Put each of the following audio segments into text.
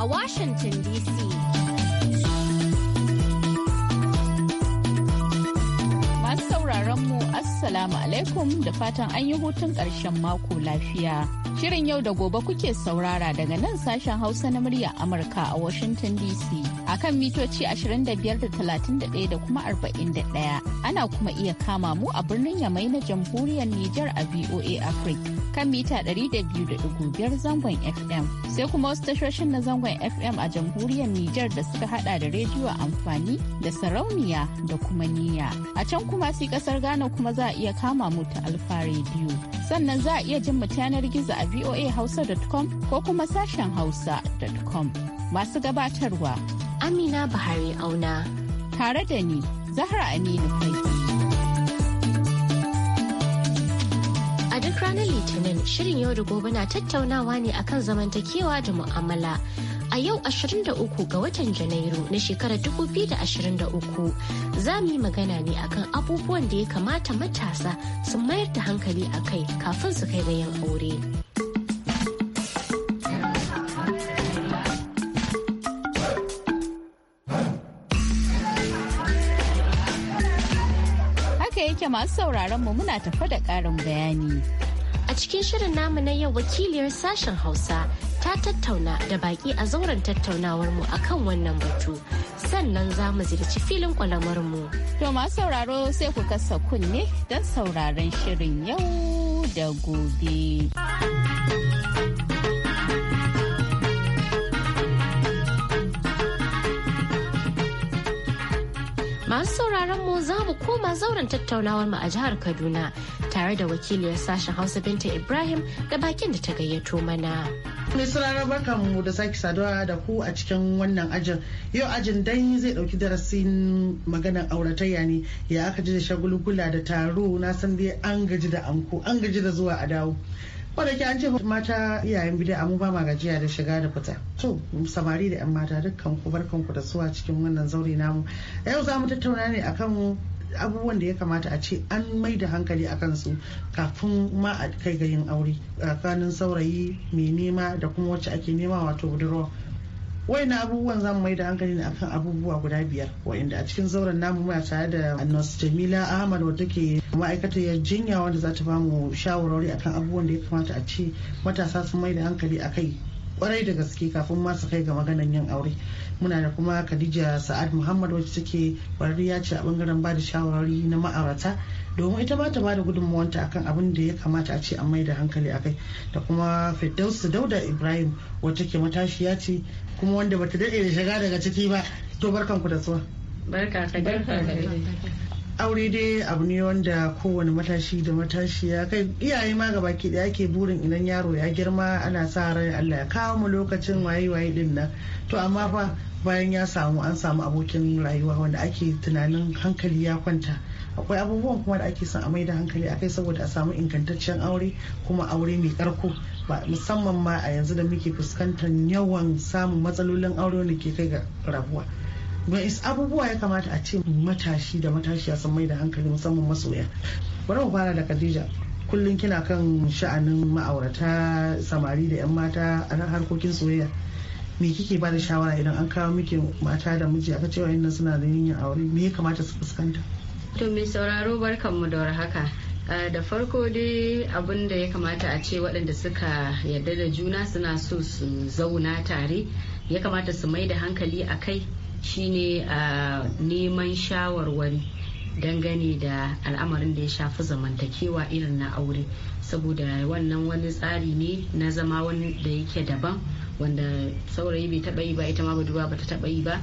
a Washington DC. Masu sauraron mu Assalamu alaikum da fatan an yi hutun ƙarshen mako lafiya. Shirin yau da gobe kuke saurara daga nan sashen Hausa na murya Amurka a Washington DC. a kan mitoci 25.31 da kuma 41. Ana kuma iya kama mu a birnin Yamai na jamhuriyar Nijar a VOA Africa kan mita 200.5 zangon FM. Sai kuma wasu tashoshin na zangon FM a jamhuriyar Nijar da suka hada da rediyo amfani da sarauniya da kuma niya. A can kuma si kasar Ghana kuma za a iya kama mu ta Alfa Radio. Sannan za a iya jin mu yanar gizo a voa voahausa.com ko kuma sashen hausa.com. Masu gabatarwa Amina Bahari Auna. Tare da ni, Zahra Aminu Kai. A duk ranar Litinin, shirin yau da gobe na tattaunawa ne akan zamantakewa da mu'amala. a yau 23 ga watan janairu na shekarar 2023 za mu yi magana ne akan abubuwan da ya kamata matasa su mayar da hankali a kai kafin su kai ga yin aure. masu sauraron mu muna tafa da ƙarin bayani. A cikin shirin namu na yau wakiliyar sashen Hausa ta tattauna da baki a zauren tattaunawar mu akan wannan batu sannan za mu ziyarci filin kwalamar mu. To masu sauraro sai ku kasa kunne don sauraron shirin yau da gobe. Masu sauraron mu za mu koma zauren tattaunawar mu a jihar Kaduna tare da wakiliyar sashen Hausa Binta Ibrahim da bakin da ta gayyato mana. Mai sauraron barkan mu da sake saduwa da ku a cikin wannan ajin. Yau ajin dan zai dauki darasin maganar auratayya ne ya aka ji da shagulgula da taro na san dai an gaji da anko an gaji da zuwa a dawo. ko an ce mata iyayen bida amma ba ma gajiya da shiga da fita to samari da yan mata dukkan ku barkan ku da zuwa cikin wannan zaure namu yau za mu tattauna ne akan abubuwan da ya kamata a ce an mai da hankali a kansu kafin ma a kai ga yin aure tsakanin saurayi mai nema da kuma wacce ake nema wato budurwa na abubuwan za mu mai da hankali ne akan abubuwa guda biyar wa'inda a cikin zauren namu muna tare da nurse jamila ahmad wadda ke ma'aikatar jinya wanda za ta bamu shawarwari akan abubuwan da ya kamata a ce matasa sun mai da hankali a kai kwarai da gaske kafin ma su kai ga maganan yin aure muna da kuma khadija sa'ad muhammad wacce take kwararriya ce a bangaren ba da shawarwari na ma'aurata domin ita ba ta bada gudunmawanta akan abin da ya kamata a ce a mai da hankali kai. da kuma su dauda ibrahim wata ke matashiya ce kuma wanda bata daɗe da shiga daga ciki ba to barkan ku da zuwa aure dai abu ne wanda kowane matashi da matashiya kai iyaye ma ga baki ɗaya ake burin idan yaro ya girma ana sa ran Allah ya kawo mu lokacin waye waye din nan to amma fa bayan ya samu an samu abokin rayuwa wanda ake tunanin hankali ya kwanta akwai abubuwan kuma da ake son a mai da hankali akai saboda a samu ingantaccen aure kuma aure mai karko musamman ma a yanzu da muke fuskantar yawan samun matsalolin aure da ke kai ga rabuwa is abubuwa ya kamata a ce matashi da matashiya sun mai da hankali musamman masoya bari mu fara da khadija kullum kina kan sha'anin ma'aurata samari da 'yan mata a nan harkokin soyayya me kike ba da shawara idan an kawo miki mata da miji aka cewa inda suna da yin aure me ya kamata su fuskanta to mai sauraro barkanmu da warhaka haka Eh, da farko dai abin da ya kamata a ce waɗanda suka yarda da juna suna so su zauna tare ya kamata su mai da hankali a kai shine a eh, neman shawarwari dangane da al'amarin da ya shafi zamantakewa irin na aure saboda wannan wani tsari ne na zama wani da yake daban wanda saurayi bai taɓa yi ba ita ma budurwa ba ta taɓa yi ba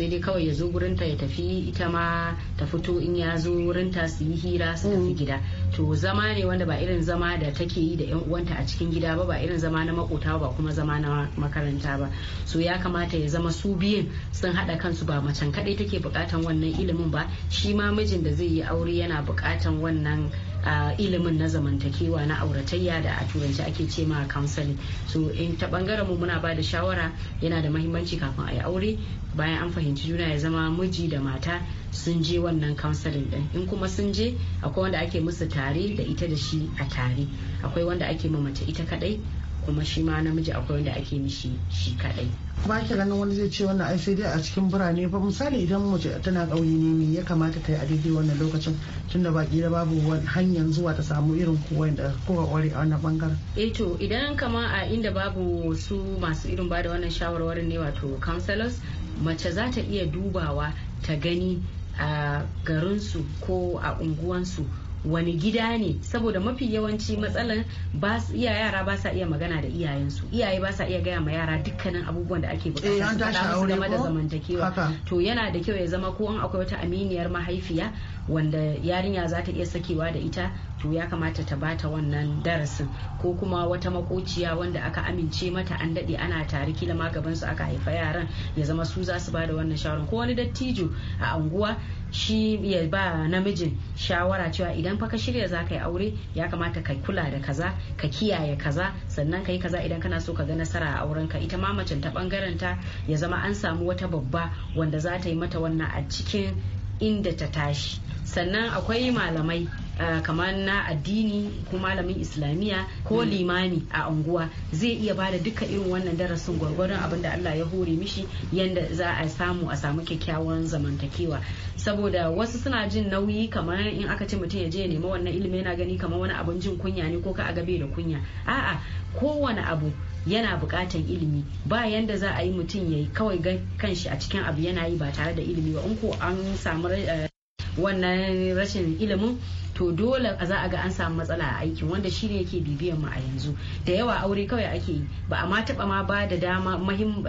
sai dai kawai ya zo gurinta ya tafi ita ma ta fito in ya zo wurinta su yi hira su tafi mm. gida to zama ne wanda ba irin zama da take yi da yan uwanta a cikin gida ba ba irin zama na makota ba kuma zama na makaranta ba so ya kamata ya zama su biyun sun hada kansu ba macen kadai take bukatan wannan ilimin ba shi ma mijin da zai yi aure yana bukatan wannan a ilimin na zamantakewa na auratayya da a turanci ake ce ma counseling so in ta bangaren mu muna bada shawara yana da mahimmanci kafin a yi aure bayan an fahimci juna ya zama miji da mata sun je wannan counseling din in kuma sun je akwai wanda ake musu tare da ita da shi a tare akwai wanda ake ma mace ita kadai kuma shi ma namiji akwai wanda ake mishi shi kadai ba ki ganin wani zai ce wannan ai sai dai a cikin birane ba misali idan mace tana ƙauye ne me ya kamata ta yi a daidai wannan lokacin tunda baki da babu hanyar zuwa ta samu irin kowa da kowa kware a wannan bangaren eh to idan kama a inda babu su masu irin ba da wannan shawarwarin ne wato counselors mace za ta iya dubawa ta gani a garinsu ko a unguwansu wani gida ne saboda mafi yawanci matsalan iya yara ba sa iya magana da iyayensu iyaye ba sa iya gaya ma yara dukkanin abubuwan da ake eh, bukata su game da zamantakewa to yana da kyau ya zama ko an akwai wata aminiyar mahaifiya wanda yarinya za ta iya sakewa da ita to ya kamata ta bata wannan darasin ko kuma wata makociya wanda aka amince mata an daɗe ana tare kila ma gaban su aka haifa yaran ya zama su za su bada wannan shawara ko wani dattijo a anguwa shi ya ba namijin shawara cewa idan fa ka shirya za ka yi aure ya kamata ka kula da kaza ka kiyaye kaza sannan ka yi kaza idan kana so ka ga nasara a auren ka ita ma macen ta bangaren ta ya zama an samu wata babba wanda za ta yi mata wannan a cikin inda ta tashi sannan akwai malamai Uh, kamar na addini ko malamin islamiyya ko hmm. limami a unguwa zai iya bada duka irin wannan darasin gwargwaron abin da Allah ya hore mishi yadda za a samu a samu kyakkyawan zamantakewa saboda wasu suna jin nauyi kamar in aka ce mutum ya je ya nema wannan ilimi yana gani kamar wani abin jin kunya ne ko ka a gabe da kunya a'a kowane abu yana bukatan ilimi ba yanda za a yi mutum ya yi kawai ga kanshi a cikin abu yana yi ba tare da ilimi ba in ko an samu wannan rashin ilimin to dole za a ga an samu matsala a aikin wanda shi ne yake bibiyan mu a yanzu da yawa aure kawai ake yi ba a ma taba ma ba da dama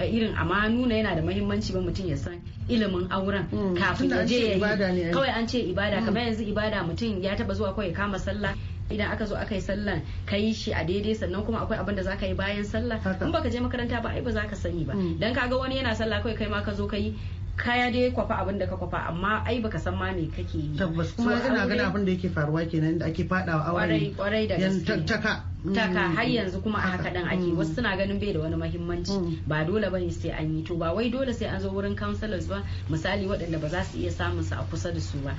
irin amma nuna yana da mahimmanci ba mutum ya san ilimin auren hmm, kafin ya je ya yi kawai an ce ibada hmm. kamar yanzu ibada mutum ya taba zuwa kawai ya kama sallah idan aka zo aka yi sallan ka yi shi a daidai sannan kuma akwai abin da ka yi bayan sallah in baka je makaranta ba ai ba za ka sani ba hmm. dan kaga wani yana sallah kawai kai ma ka zo ka yi kaya dai kwafa abin da ka kwafa amma ai baka san ma me kake yi tabbas kuma ina ganin abin da yake faruwa kenan da ake fadawa aure kwarai da gaske taka mm, taka har yanzu kuma a haka dan ake wasu mm. suna ganin bai da wani muhimmanci. Mm. ba dole ba ne sai an yi to ba wai dole sai an zo wurin counselors ba misali waɗanda ba za su iya samun su a kusa da su ba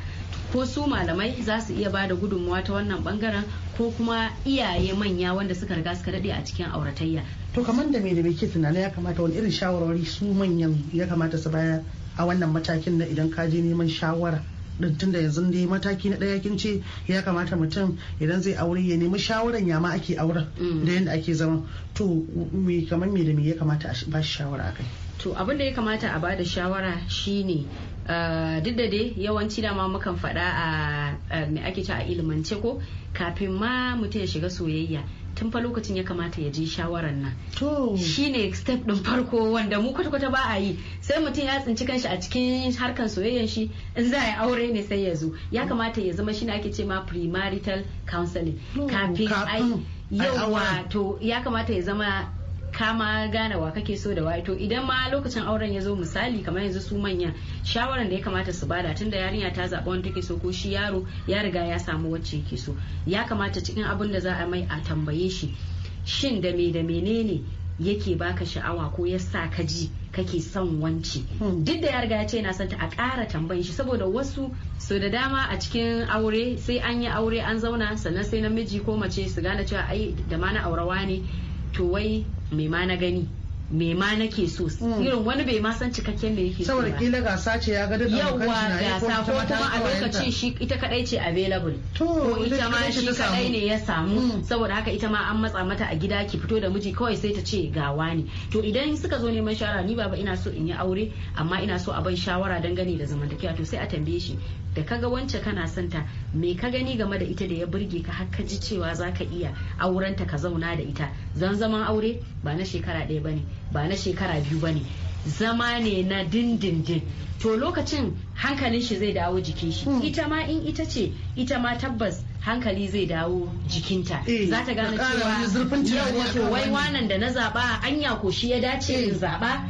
ko su malamai za su iya bada gudunmawa ta wannan bangaren ko kuma iyaye manya wanda suka riga suka daɗe a cikin auratayya to kamar da me da me ke tunanin ya kamata wani irin shawarwari su manyan ya kamata su bayar a wannan matakin na idan ka je neman shawara din tunda yanzu da mataki na daya kin ce ya kamata mutum idan zai aure ya nemi shawaran ya ma ake auren mm. da yadda ake zama to me kamar me da me ya kamata a ba shi shawara akai to abin da ya kamata a bada shawara shine Eh, duk da dai yawanci dama mukan faɗa a me ake ci a ilimance ko kafin ma mutum ya shiga soyayya tun fa lokacin ya kamata ya je shawarar nan shi ne step din farko wanda mu kwata-kwata ba a yi sai mutum ya tsinci kanshi a cikin harkan soyayyan shi in za a yi aure ne sai ya zo ya kamata ya zama shi ake ce ma premarital counseling kafin ai to ya kamata ya zama kama ma gane wa kake so da wato idan ma lokacin auren ya zo misali kamar yanzu su manya shawaran da ya kamata su bada tunda yarinya ta zaɓa wanda take so ko shi yaro ya riga ya samu wacce yake so ya kamata cikin abin da za a mai a tambaye shi shin da me da menene yake baka sha'awa ko ya sa ka ji kake son wanci hmm. duk da ya riga ya ce yana son ta a ƙara tambayin shi saboda wasu so da dama a cikin aure sai an yi aure an zauna sannan sai namiji ko mace su gane cewa ai da ma na aurawa ne to wai mai ma na gani me ma nake so hmm. irin wani bai ma san cikakken me yake so saboda kila gasa ce ya ga shi na gasa ko kuma a lokaci shi ita kadai ce available ko ita ma shi kadai ne ya samu hmm. saboda haka ita ma an matsa mata a gida ki fito da miji kawai sai ta ce ga wani to idan suka zo neman shawara ni baba ina so in yi aure amma ina so a ban shawara dangane da zamantakewa to sai a tambaye shi da kaga wance kana son ta me ka gani game da ita da ya burge ka har ka ji cewa zaka iya aurenta ka zauna da ita zan zaman aure ba na shekara ɗaya bane ba na shekara biyu ba ne zama ne na dindindin to lokacin hankalin shi zai dawo jikin shi hmm. ita ma in ita ce ita ma tabbas hankali zai dawo jikinta eh, za ta gane cewa wato wai wanan da na zaba an ko shi ya dace in eh. zaba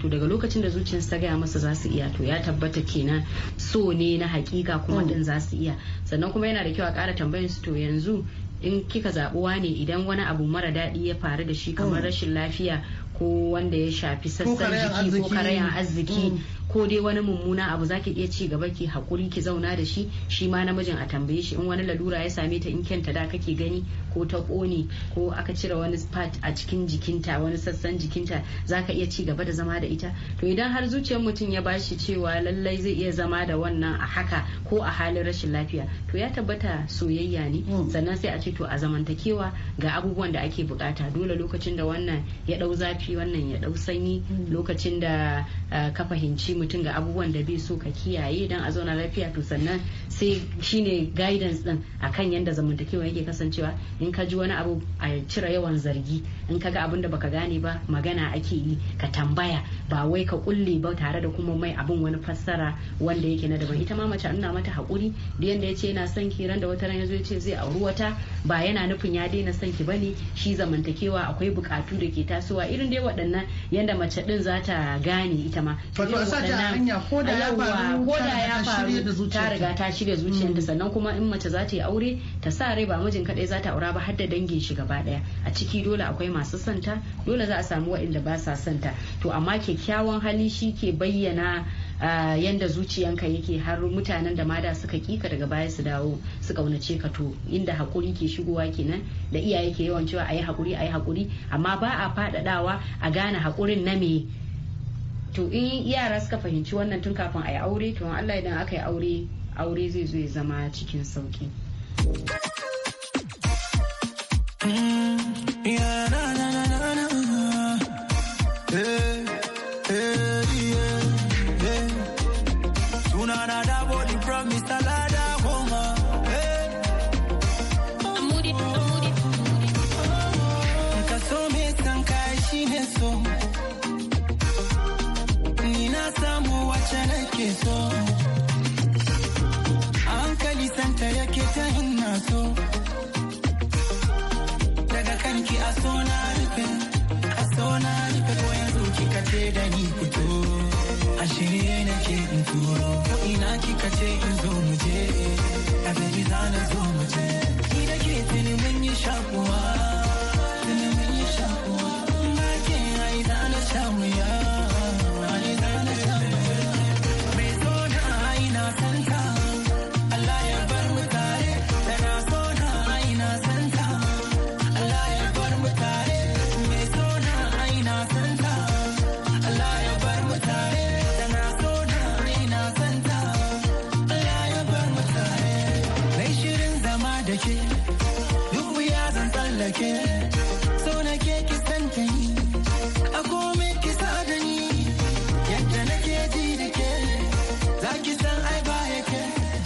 to daga lokacin da zuciyarsu ta gaya masa za su iya to ya tabbata kenan so ne na hakika kuma hmm. din za su iya sannan kuma yana da kyau a kara tambayin su to yanzu in kika zaɓuwa ne idan wani abu mara daɗi ya faru da shi kamar hmm. rashin lafiya ko wanda ya shafi sassan jiki ko karayan arziki mm. ko dai wani mummuna abu zaki iya ci gaba ki hakuri ki zauna da shi shi ma namijin a tambaye shi in wani lalura ya same ta in kyanta da kake gani ko ta kone ko aka cire wani part a cikin jikinta wani sassan jikinta zaka iya ci gaba da zama da ita to idan har zuciyar mutum ya bashi cewa lallai zai iya zama da wannan a haka ko a halin rashin lafiya to ya tabbata soyayya ne hmm. sannan sai a ce to a zamantakewa ga abubuwan da ake bukata dole lokacin da wannan ya dau zafi wannan ya dau sanyi hmm. lokacin da Eh, ka fahimci mutum ga abubuwan da bai so ka kiyaye don a zauna lafiya to sannan sai shine guidance din akan yadda zamantakewa yake kasancewa in ka ji wani abu a cire yawan zargi in ka ga abin da baka gane ba magana ake yi ka tambaya ba wai ka kulle ba tare da kuma mai abin wani fassara wanda yake na daban ita ma mace ina mata hakuri da yanda ya ce yana son ki ran da wata ran yazo ya ce zai auri wata ba yana nufin ya daina son ki bane shi zamantakewa akwai bukatu da ke tasowa irin dai waɗannan yadda mace din za ta gane ita sama wato a sace hanya ko da ya faru ko da ya ta riga ta shirya zuciyarta mm. sannan kuma in mace za ta yi aure ta sa rai ba mijin kadai za ta aura ba har da dangin shi gaba daya a ciki dole akwai masu santa dole za a samu waɗanda ba sa santa to amma kyakkyawan hali shi ke bayyana Uh, yanda zuciyanka yake har mutanen da mada suka kika daga baya su dawo su kaunace ka to inda hakuri ke shigowa kenan da iyaye ke yawan cewa ayi hakuri ayi hakuri amma ba a faɗaɗawa a gane hakurin na me to in yara suka fahimci wannan tun kafin a yi aure to Allah idan aka yi aure aure zai zo ya zama cikin sauki. Mm, nah. da ni fito a shirye nake in turo ko ina kika ce in zo mu je a baby za na zo mu je ni da ke tuni mun yi shakuwa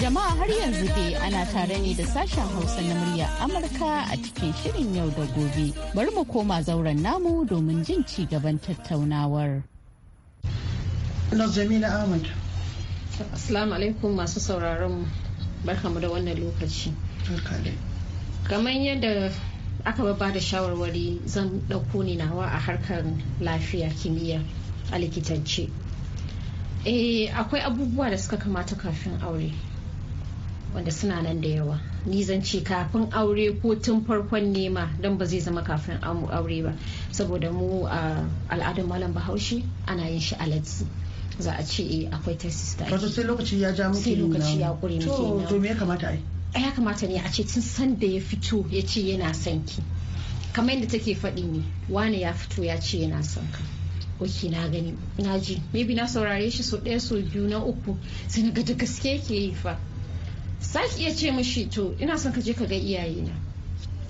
Jama'a har yanzu dai ana tare ne da sashen Hausa na murya Amurka a cikin shirin yau da gobe. Bari mu koma zauren namu domin jin ci gaban tattaunawar. Nazamina Ahmad. Assalamu alaikum masu sauraron Barkamu da wannan lokaci. Kamar yadda aka ba da shawarwari zan ɗauko ne nawa a harkar lafiya kimiyya a likitance. Eh akwai abubuwa da suka kamata kafin aure. wanda suna nan da yawa ni zan ce kafin aure ko tun farkon nema don ba zai zama kafin aure ba saboda mu a al'adun malam bahaushe ana yin shi alatsi za a ce eh, akwai ta sista wato sai lokaci ya ja muke lokaci ya kure muke to me ya kamata ai eh, ya kamata ne a ce tun san da ya fito ya ce yana son ki kamar yadda take faɗi ne wani ya fito ya ce yana son ka ok na gani na ji maybe na saurare shi so ɗaya so biyu na uku sai na ga da gaske ke yi fa saki iya ce mishi to ina son ka je ka ga iyayena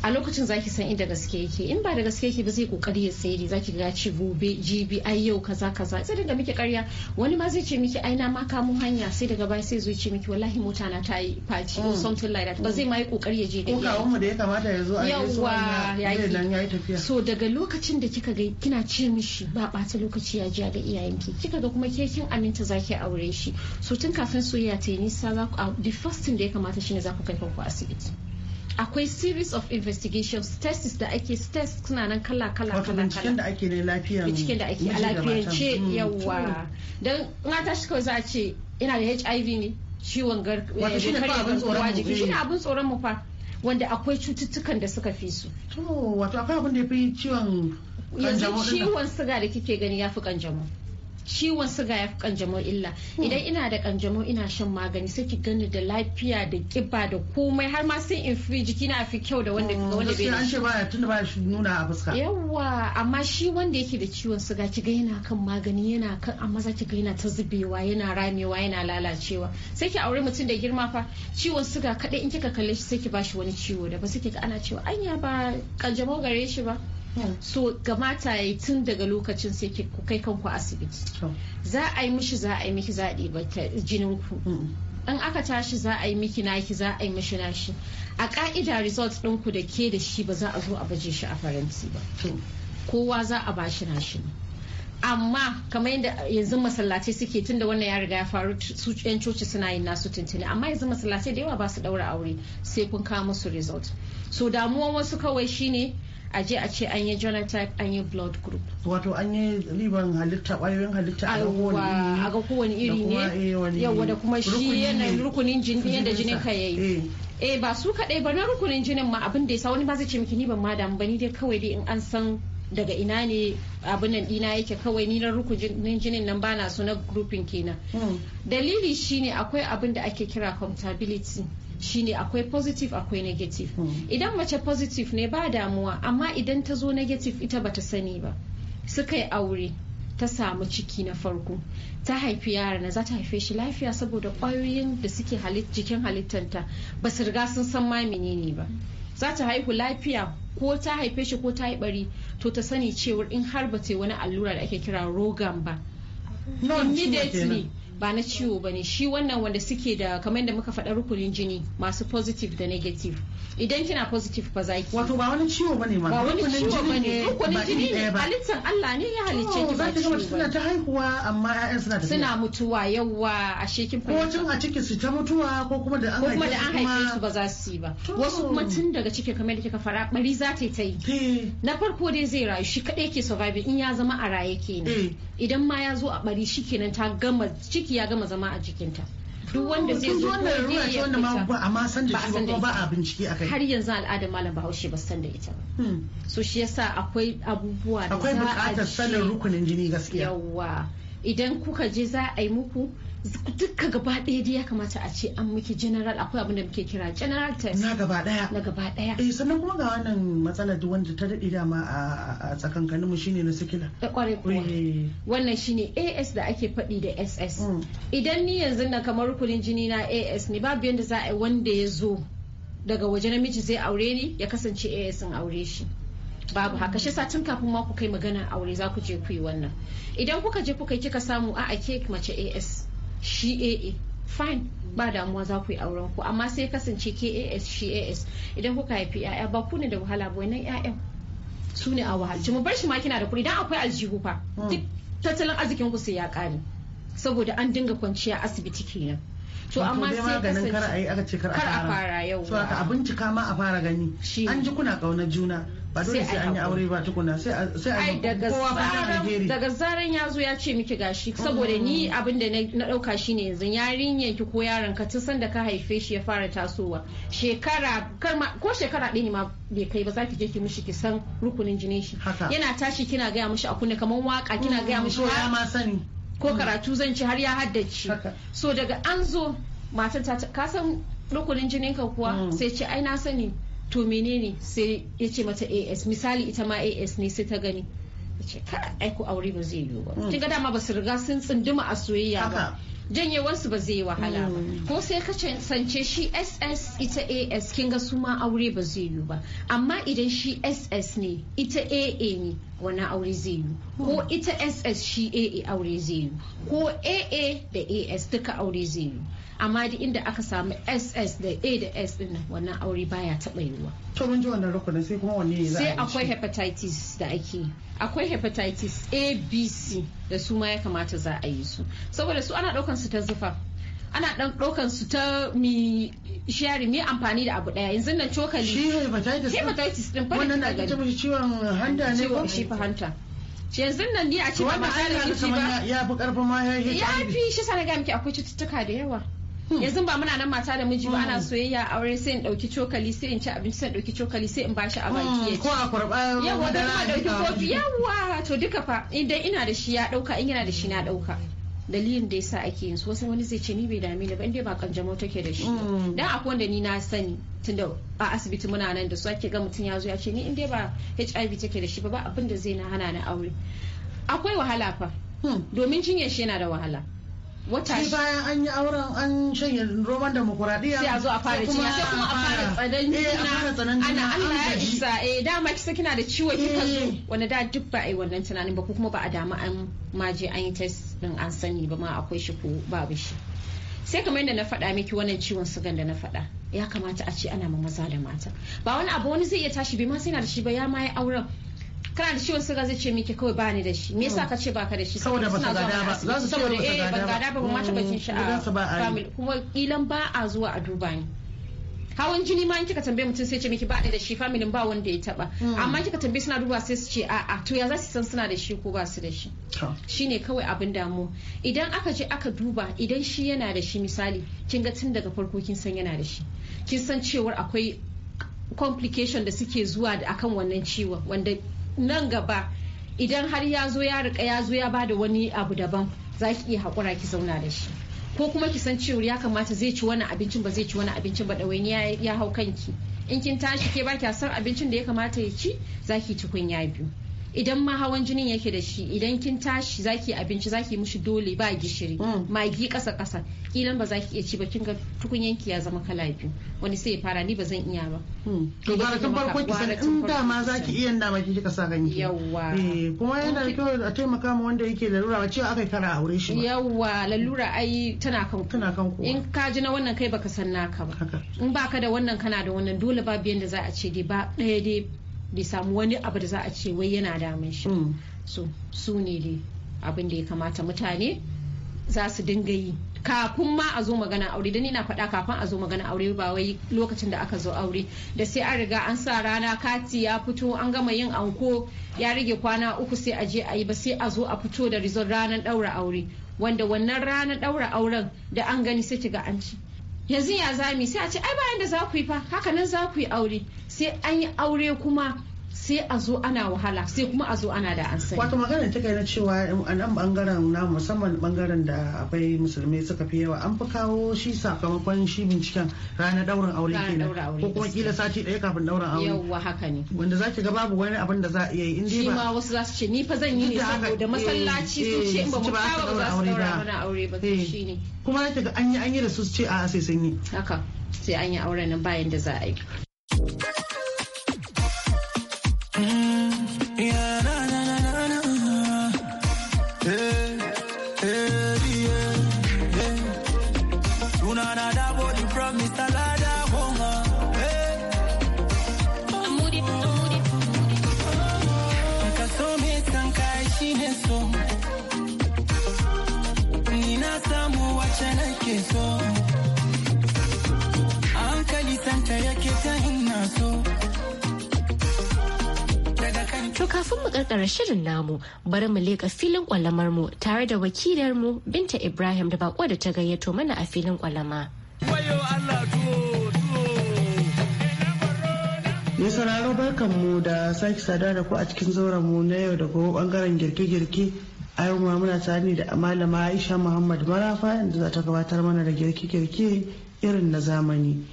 a lokacin zaki san inda gaske yake in ba da gaske yake ba zai kokari ya tsere zaki ga ci gobe jibi ai yau kaza kaza sai daga miki karya wani ma zai ce miki ai na ma kamu hanya sai daga baya sai zo ce miki wallahi mota na ta yi faci or mm. something like that ba zai ma yi kokari ya je da yawa mu da ya kamata ya zo a yi dan yayi tafiya so daga lokacin da kika ga kina ce mishi ba bata lokaci ya ji ga iyayenki kika ga kuma ke kin aminta zaki aure shi so tun kafin soyayya ta yi nisa za ku the first thing da ya kamata shine za ku kai kanku asibiti akwai series of investigations tests da ake tests suna nan kala kala kala binciken da ake ne lafiya binciken da ake a ce mm, yawa dan mata shi kawai za a ce ina da HIV ne ciwon garkuwa eh, jiki shi ne mm. abin tsoron mu fa wanda akwai cututtukan da suka fi su to wato akwai abin da ya fi ciwon yanzu ciwon siga da kike gani ya fi kanjamo ciwon suga ya fi kanjamau illa hmm. idan ina da kanjamau ina shan magani sai ki gani da lafiya da kiba da komai har ma sun in fi jiki na fi kyau da wanda wanda bai da hmm, shi baya tunda baya nuna a fuska yawa amma shi wanda yake da ciwon suga ga yana kan magani yana kan amma za ga yana ta zubewa yana ramewa yana lalacewa sai ki aure mutum da girma fa ciwon suga kadai in kika kalle shi sai ki bashi wani ciwo da ba sai ga ana cewa anya ba kanjamau gare shi ba so gamata yi tun daga lokacin sai ku kai kanku asibiti za a yi mishi za a yi miki za a ɗiba jinin ku in aka tashi za a yi miki naki za a yi mishi nashi a ka'ida results ɗin da ke da shi ba za a zo a baje shi a faranti ba kowa za a bashi nashi ne amma kamar yadda yanzu masallatai suke tun da wannan ya riga ya faru su yan coci suna yin nasu tuntuni amma yanzu masallatai da yawa ba su daura aure sai kun kawo musu result so damuwan wasu kawai shine a je a ce an yi genotype an yi blood group wato an yi riban halitta ƙwayoyin halitta a ga kowane iri ne eh, yawa da kuma shi yanayin rukunin jini yadda jini ka yi eh ba su kadai ba na rukunin jinin ma abin da ya sa wani ba zai ce miki ni ban ma damu ba ni dai kawai dai in an san daga ina ne abin nan dina yake kawai ni na rukunin jinin nan na so na grouping kenan hmm. dalili shine akwai abin da ake kira compatibility shine akwai positive akwai negative hmm. idan mace positive ne ba damuwa amma idan ta zo negative ita bata sani ba suka yi aure ta samu ciki na farko ta haifi yara na za ta haife shi lafiya saboda kwayoyin da suke jikin halittanta ba su riga sun san ma menene ba za ta haihu lafiya ko ta haife shi ko ta yi bari to ta sani cewar in har ba ta wani allura da ake kira rogan ba ba na ciwo ba ne shi wannan wanda suke da kamar da muka faɗa rukunin jini masu positive da negative idan kina positive ba zaki wato ba wani ciwo ba ne ba wani ciwo ba ne rukunin jini ne halittar Allah ne ya halicce ki oh, ba ciwo suna ta haihuwa amma ƴaƴan suna da suna mutuwa yawa a shekin ko tun a cikin su ta mutuwa ko kuma da an haife su kuma su ba za su yi ba wasu kuma tun daga ciki kamar da kika fara bari za ta yi eh. na farko dai zai rayu shi kadai ke surviving in ya zama a raye kenan eh. idan ma ya zo a bari shikenan ta gama ciki ya gama zama a jikinta duk wanda zai zo ko ya wanda ma ba a ma san da shi ba a bincike kai har yanzu al'adar malam Bahaushe ba san da ita ba hmm. so shi yasa akwai abubuwa da za a akwai bukatar sanin rukunin jini gaskiya yawa idan kuka je za a yi muku dukka gaba ɗaya dai ya kamata a ce an miki general akwai abin da muke kira general test na gaba ɗaya na gaba ɗaya eh sannan kuma ga wannan matsalar wanda ta daɗe dama a tsakankanin mu shine na sikila da eh, kware kuwa wannan shine AS da ake faɗi da SS mm. idan ni yanzu na kamar rukunin jini na AS ne babu yanda za a yi wanda ya zo daga waje namiji zai aure ni ya kasance AS in aure shi babu haka shi tun kafin ma ku kai magana aure za ku je ku yi wannan idan kuka je kuka kika samu a ake mace AS shi aa fine ba damuwa za ku yi auren ku amma sai kasance kas shi idan kuka haifi 'ya'ya ba ku ne da wahala ba wannan 'ya'yan su ne a wahalci mu bar shi ma kina da kuɗi dan akwai aljihu fa hmm. duk tattalin arzikin ku sai ya kare saboda an dinga kwanciya asibiti kenan to amma sai kasance kar a yi aka ce kar a fara yau so aka a bincika ma a fara gani an ji kuna kauna juna ba dole sai an yi aure ba tukuna sai a daga zaran daga zaran ya zo ya ce miki gashi saboda ni mm. abin da na dauka shine yanzu yarinyar ki ko yaron ka tun san da ka haife shi ya fara tasowa shekara ko shekara ɗaya ne ma bai kai ba za ki je ki mishi ki san rukunin jinin shi yana tashi kina gaya mishi a kunne kamar waka kina gaya mishi mm, ya ma sani ko mm. karatu zan ci har ya haddace so daga an zo matar ta kasan rukunin jinin ka kuwa sai ce ai na sani to menene sai ya ce mata as misali ita ma as ne sai ta gani ce aiko aure ba zai yiwu ba hmm. kin ga dama ba su riga sun tsunduma a soyayya ba janyewarsu ba zai yi wahala ba hmm. ko sai ka sance shi ss ita as kin ga su ma aure ba zai yiwu ba amma idan shi ss ne ita aa ne wani aure zai yiwu ko hmm. ita ss shi aa aure zai yiwu ko aa da as duka aure zai yiwu amma duk inda aka samu ss da a da s din wannan aure baya taɓa yiwuwa to mun ji wannan rukunin sai kuma wanne za sai akwai hepatitis da ake akwai hepatitis a b c da su ma ya kamata za a yi su saboda su ana ɗaukan su ta zufa ana dan ɗaukan su ta mi shari mi amfani da abu daya yanzu nan cokali shi hepatitis hepatitis din fa wannan da ake cewa ciwon hanta ne ko shi fa hanta yanzu nan ni a ce ba ma ya fi karfin ma ya fi shi sana ga miki akwai cututtuka da yawa yanzu ba muna nan mata da miji ba ana hmm. soyayya a aure sai in dauki cokali sai in ci abinci sai in dauki cokali sai in shi a baki hmm, ya ko a kurba yawa da kuma dauki kofi yawa to duka fa idan ina da shi ya dauka in yana da shi na dauka dalilin da yasa ake yin su wasu wani zai ce ni bai dami ni ba inda ba kanjamau take da shi hmm. dan akwai wanda ni na sani tunda a asibiti muna nan da su ake ga mutum ya zo ya ce ni inda ba HIV take da shi ba ba abin da zai na hana ni aure akwai wahala fa domin jinyar shi yana da wahala wata shi bayan an yi auren an shanye roman demokuraɗiyya sai a zo a fara cinya sai kuma a fara tsanan juna eh, ana Allah ya isa eh dama kisa kina da ciwo kika zo eh. wanda da duk ba a yi wannan tunanin ba ko kuma ba a damu an ma je an yi test din an sani ba ma akwai shi ko babu shi sai kamar yadda na faɗa miki wannan ciwon sugan da na faɗa ya kamata a ce ana ma maza da mata ba wani abu wani zai iya tashi bai ma sai na da shi ba ya ma ya auren kana da ciwon suga zai ce miki kawai ba ni da shi me yasa ka ce baka da shi saboda ba gada ba za su saboda ba ga eh, gada ba ma taba jin shi a family kuma kilan ba a zuwa a duba ni hawan jini ma in kika tambaye mutum sai ce miki ba da shi familin ba wanda ya taba hmm. amma kika tambaye suna duba sai su ce a a to ya za su san suna da shi ko ba su da shi shine kawai abin damu idan aka je aka duba idan shi yana da shi misali kin ga tun daga farko kin san yana da shi kin san cewar akwai complication da suke zuwa akan wannan ciwon wanda nan gaba idan har ya zo ya rika ya zo ya bada wani abu daban za ki iya haƙura ki zauna da shi ko kuma ki san cewa ya kamata zai ci wani abincin ba zai ci wani abincin ba ɗawaini ya hau kanki in kin tashi ke ba kya san abincin da ya kamata ya ci za ki ci kunya biyu idan ma hawan jinin yake da shi idan kin tashi zaki abinci zaki mushi dole ba gishiri mm. magi kasa kasa kilan ba zaki iya ci ba kin ga tukunyan ki ya zama kala biyu wani sai ya fara ni ba zan iya ba mm. to gara tun farko ki san in da ma zaki iya da ma kika sa ganye yawa eh, kuma yana da kyau a taimaka ma wanda yake lalura ba cewa akai kana aure shi ba yawa lalura ai tana kan tana kan in ka ji na wannan kai baka san naka ba in baka da wannan kana da wannan dole biyan da za a ce dai ba daya dai bai samu wani abu da za a ce wai yana damun shi mm. so su ne dai abin da ya kamata mutane za su dinga yi kafin ma a zo magana aure dan na faɗa kafin a zo magana aure ba wai lokacin da aka zo aure da sai an riga an sa rana kati ya fito an gama yin anko ya rage kwana uku sai a je a yi ba sai a zo a fito da rizon ranar ɗaura aure wanda wannan ranar ɗaura auren da an gani sai ga an ci yanzu ya zami sai a ce ai bayan da za ku yi fa haka nan za ku yi aure sai an yi aure kuma sai a zo ana wahala sai kuma a zo ana da an sani wato magana ta kai na cewa a nan bangaren na musamman bangaren da akwai musulmai suka fi yawa an fi kawo shi sakamakon shi binciken ranar daurin aure kenan ko kuma kila sati ɗaya kafin daurin aure yawwa haka ne wanda zaki ga babu wani abin da za a iya yi in dai ba shi ma wasu za su ce ni fa zan yi ne saboda masallaci sun ce in ba eh, mu kawo ba za su daura mana aure ba eh, shi ne kuma zaki ga an yi an yi da su ce a sai sun yi haka sai an yi auren nan bayan da za a yi Mm, yeah. To kafin mu karkara shirin namu bari mu leka filin kwalamar tare da wakilar mu Binta Ibrahim da bako da ta gayyato mana a filin kwalama. Mai sauraro mu da sake sada da ku a cikin zauren mu na yau da gobe bangaren girke-girke a yau ma muna tare da malama Aisha Muhammad Marafa da za ta gabatar mana da girke-girke irin na zamani.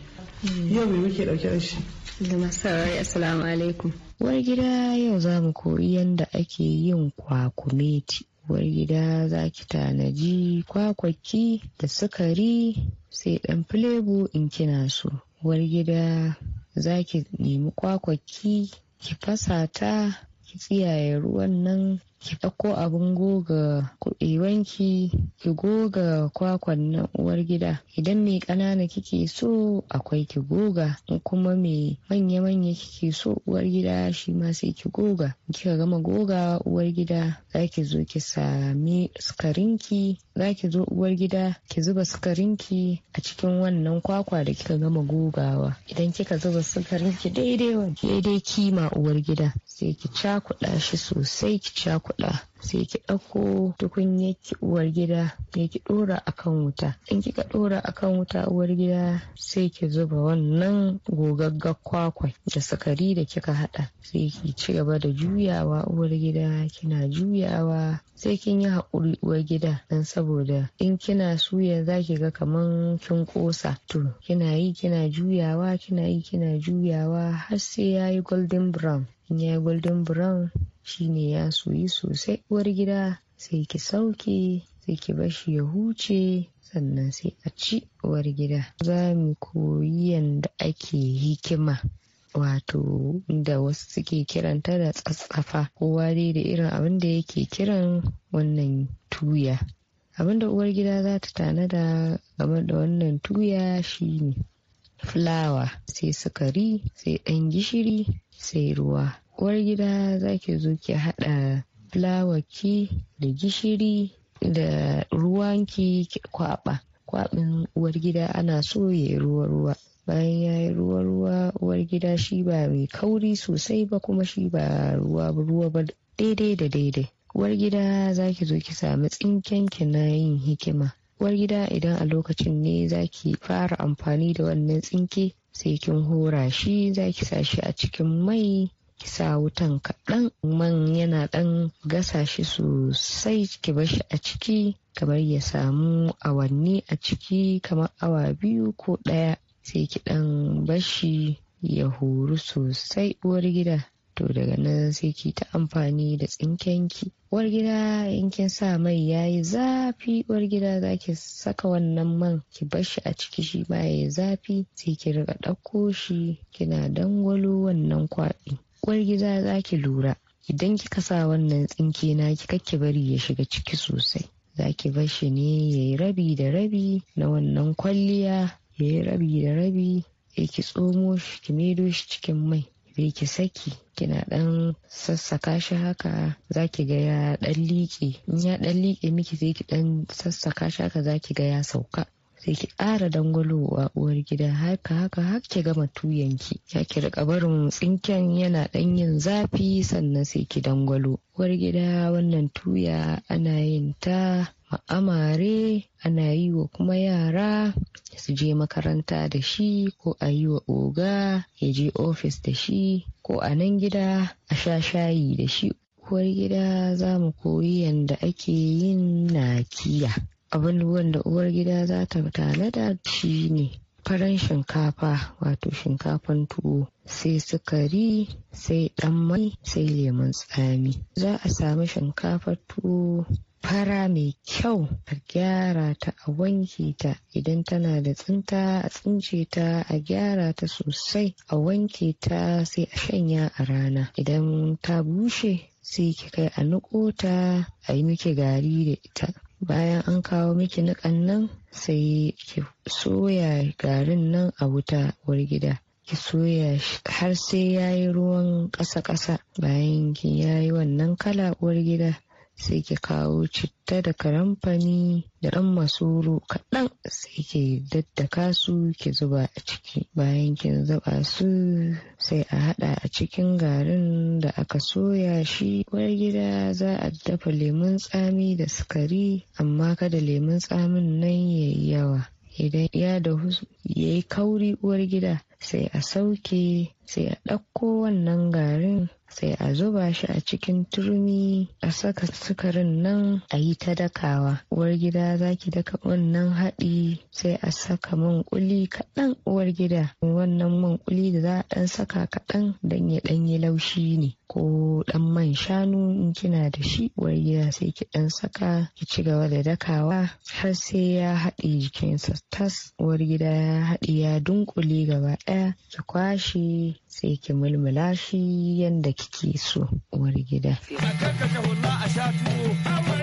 Yau me muke dauke da shi? Da masarai, assalamu alaikum. uwar gida yau za mu koyi yadda ake yin kwakumeti uwar gida za ki tanaji kwakwaki da sukari sai dan filebu in kina su uwar gida za ki nemi kwakwaki ki fasa ta ki tsiyaye ruwan nan ki ɗauko abin goga kuɗi wanki ki goga kwakwan na uwar gida idan mai ƙanana kike so akwai ki goga in kuma mai manya-manya kike so uwar gida shi ma sai ki goga kika gama goga uwar gida za ki zo ki sami sukarinki za ki zo uwar gida ki zuba sukarinki a cikin wannan kwakwa da kika gama gugawa idan kika zuba sukarinki daidai daidai kima uwar gida sai ki cakuɗa shi sosai ki cakuɗa sai ki ɗauko tukunyar ki uwar gida sai ki ɗora a kan wuta in kika ɗora a kan wuta uwar gida sai ki zuba wannan gogaggar kwakwai da sakari da kika haɗa sai ki ci gaba da juyawa uwar gida kina juyawa sai kin yi haƙuri uwar gida dan saboda in kina suya za ki ga kaman kin ƙosa to kina yi kina juyawa kina yi kina juyawa har sai ya yi golden brown ya golden brown shine ya soyi sosai uwar gida sai ki sauke sai ki bashi ya huce sannan sai a ci uwar gida za mu koyi yadda ake hikima wato da wasu suke kiranta da tsatsafa kowa dai da irin abin da yake kiran wannan tuya abin da uwar gida za ta tanada game da wannan tuya shine fulawa sai sukari sai ɗan gishiri sai ruwa uwar gida za ki zo ki haɗa fulawarki da gishiri da ruwanki ki kwaɓa kwaɓin uwar gida ana so ya yi ruwa-ruwa bayan ya yi ruwa-ruwa uwar gida shi ba mai kauri sosai ba kuma shi ba ruwa-ruwa ba daidai da daidai uwar gida za ki zo ki sami tsinken ki na yin hikima gida idan a lokacin ne za ki fara amfani da wannan tsinke sai kin hora shi za ki sa shi a cikin mai ki sa wutan kaɗan man yana ɗan gasa shi sosai ki bar shi a ciki kamar ya samu awanni a ciki kamar awa biyu ko ɗaya sai ki ɗan bashi ya horu sosai uwar gida to daga nan sai ki ta amfani da tsinkenki uwar gida in kin sa mai yayi zafi uwar gida za ki saka wannan man ki bar shi a ciki shi ma yayi zafi sai ki riga ɗauko shi kina dangwalo wannan kwaɗi. uwar gida za ki lura idan kika sa wannan tsinke na ki ki bari ya shiga ciki sosai za ki bar shi ne yayi rabi da rabi na wannan kwalliya yayi rabi da rabi sai ki tsomo shi ki maido shi cikin mai ki saki kina dan sassaka shi haka zaki ga ya dan liƙe in ya dan liƙe miki sai ki dan sassaka shi haka zaki ga ya sauka sai ki ƙara dangwalowa uwar gida haka haka har ki gama tuyanki ya ki rika barin tsinken yana dan yin zafi sannan sai ki dangwalo uwar gida wannan tuya ana yin ta amare ana yi wa kuma yara su je makaranta da shi ko a yi wa oga ya je ofis da shi ko a nan gida a sha shayi da shi kuwar gida za mu koyi yadda ake yin nakiya abin da uwar gida za ta tare da shi ne farin shinkafa wato shinkafan tuwo sai sukari sai ɗan mai sai lemun tsami za a sami shinkafar tuwo fara mai kyau a gyara ta a wanke ta idan tana da tsinta a tsince ta a gyara ta sosai a wanke ta sai a shanya a rana idan ta bushe sai ki kai a niƙo ta a yi miki gari da ita bayan an kawo miki nikan nan sai ki soya garin nan a wuta gida. ki soya shi har sai ya yi ruwan ƙasa-ƙasa bayan ki ya yi wannan kala uwar gida sai ki kawo citta da karamfani da ɗan masoro kaɗan sai ki daddaka su ki zuba a ciki bayan kin zuba su sai a haɗa a cikin garin da aka soya shi wani gida za a dafa lemun tsami da sukari amma kada lemun tsamin nan ya yi yawa idan ya dahu ya yi kauri uwar gida sai a sauke sai a ɗauko wannan garin sai a zuba shi a cikin turmi a saka sukarin nan a yi ta dakawa uwar gida za ki daka wannan haɗi sai a saka man kuli kaɗan uwar gida wannan man kuli da za a ɗan saka kaɗan don ya ɗan yi laushi ne ko ɗan man shanu in kina da shi uwar gida sai ki ɗan saka ki ci gaba da dakawa har sai ya haɗe jikinsa tas uwar gida ya haɗe ya dunkule gaba ɗaya ki kwashe sai ki mulmula shi yadda kike so uwar gida. a shatu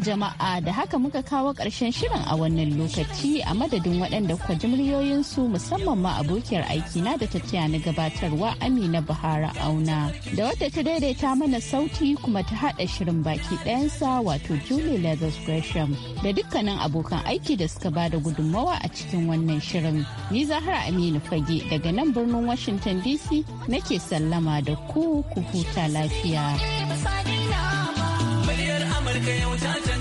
jama'a da haka muka kawo ƙarshen shirin a wannan lokaci a madadin waɗanda kuka ji muryoyinsu musamman ma abokiyar aikina da ta taya na gabatarwa Amina Bahara Auna. Da wata ta daidaita mana sauti kuma ta haɗa shirin baki ɗayansa wato Julie Lazarus Gresham da dukkanin abokan aiki da suka ba da gudunmawa a cikin wannan shirin. Ni Zahra Aminu Fage daga nan birnin Washington DC nake sallama da ku ku huta lafiya. Amurka yau ta